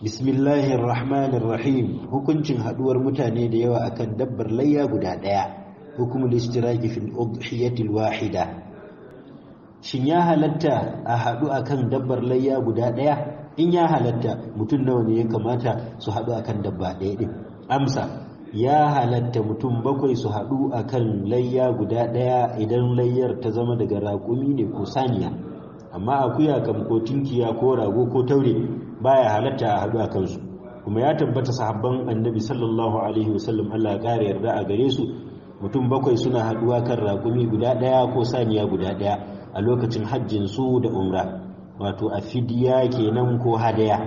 bismillahir rahmanir rahim hukuncin haduwar mutane da yawa akan dabbar layya guda daya hukumul istiraki fil udhiyatil wahida shin ya halatta a hadu akan dabbar layya guda daya in ya halatta mutum nawa ne ya kamata su hadu akan dabba daya din amsa ya halatta mutum bakwai su hadu akan layya guda daya idan layyar ta zama daga raƙumi ne ko saniya amma akuya kam ko tinkiya ko rago ko taure ya halatta a haɗu a kansu kuma ya tabbata sahabban annabi sallallahu alaihi wasallam Allah ƙara yarda a gare su mutum bakwai suna haɗuwa kan raƙumi guda ɗaya ko saniya guda ɗaya a lokacin hajjin su da umra wato a fidiya kenan ko hadaya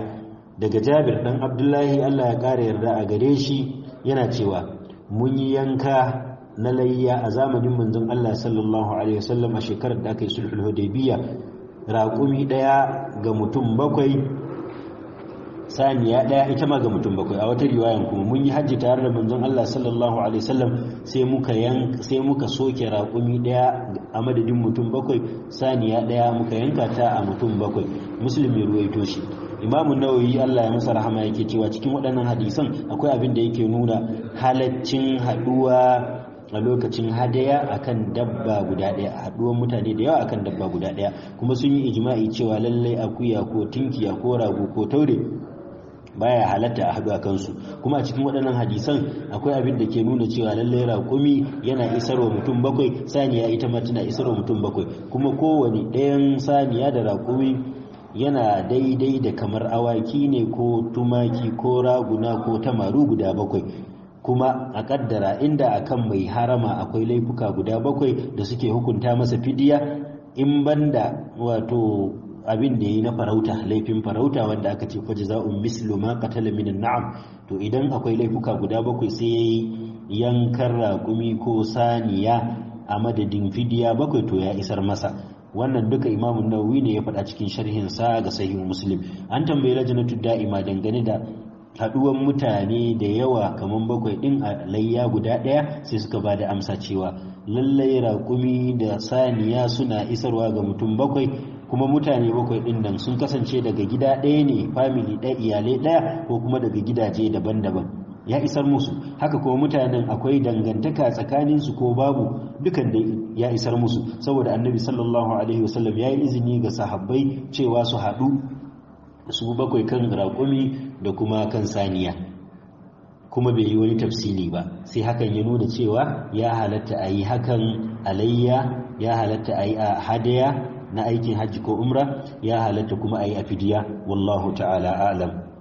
daga jabir ɗan abdullahi Allah ya ƙara yarda a gare shi yana cewa mun yi yanka na layya a zamanin manzon Allah sallallahu alaihi wasallam a shekarar da aka yi sulhul hudaybiyya raƙumi ɗaya ga mutum bakwai saniya ɗaya ita ma ga mutum bakwai a wata riwayan kuma mun yi hajji tare da manzon Allah sallallahu alaihi wasallam sai muka yan sai muka soke raƙumi ɗaya a madadin mutum bakwai saniya ɗaya muka yanka ta a mutum bakwai muslim ya ruwaito shi imamu nawawi Allah ya masa rahama yake cewa cikin waɗannan hadisan akwai abin da yake nuna halaccin haɗuwa a lokacin hadaya akan dabba guda ɗaya a haɗuwar mutane da yawa akan dabba guda ɗaya kuma sun yi ijma'i cewa lallai akuya ko tinkiya ko rago ko taure baya halatta a haɗu a kansu kuma a cikin waɗannan hadisan akwai abin da ke nuna cewa lallai raƙumi yana isarwa mutum bakwai saniya ita ma tana isarwa mutum bakwai kuma kowane ɗayan saniya da raƙumi yana daidai da kamar awaki ne ko tumaki ko raguna ko tamaru guda bakwai kuma a kaddara inda akan mai harama akwai laifuka guda bakwai da suke hukunta masa fidiya in banda wato abin da yi na farauta laifin farauta wanda aka ce faji za'un mislu ma qatala min na'am to idan akwai laifuka guda bakwai sai ya yi yankan ragumi ko saniya a madadin fidiya bakwai to ya isar masa wannan duka imamun nawawi ne ya faɗa cikin sharhin sa ga sahihun muslim an tambayi lajnatu da'ima dangane da haduwan mutane da yawa kamar bakwai ɗin a layya guda ɗaya sai suka ba da amsa cewa lallai raƙumi da saniya suna isarwa ga mutum bakwai kuma mutane bakwai din nan sun kasance daga gida ɗaya ne famili ɗaya iyalai ɗaya ko kuma daga gidaje daban-daban ya isar musu haka kuma mutanen akwai dangantaka tsakanin su ko babu dukan da ya isar musu saboda annabi sallallahu alaihi wasallam ya yi izini ga sahabbai cewa su haɗu su bakwai kan raƙumi da kuma kan saniya kuma bai yi wani tafsili ba sai hakan ya nuna cewa ya halatta a yi hakan alayya ya halatta a yi a hadaya na aikin hajji ko umra ya halatta kuma a yi a fidiya wallahu ta'ala alam